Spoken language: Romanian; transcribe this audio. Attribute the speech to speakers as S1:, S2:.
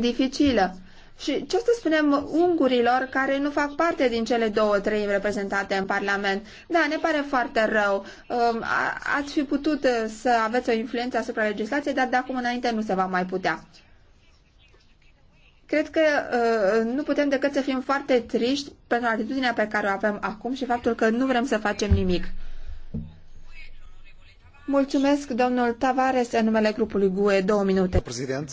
S1: dificilă. Și ce o să spunem ungurilor care nu fac parte din cele două trei reprezentate în Parlament? Da, ne pare foarte rău. Um, ați fi putut uh, să aveți o influență asupra legislației, dar de acum înainte nu se va mai putea. Cred că uh, nu putem decât să fim foarte triști pentru atitudinea pe care o avem acum și faptul că nu vrem să facem nimic. Mulțumesc, domnul Tavares, în numele grupului GUE, două minute. Președinte.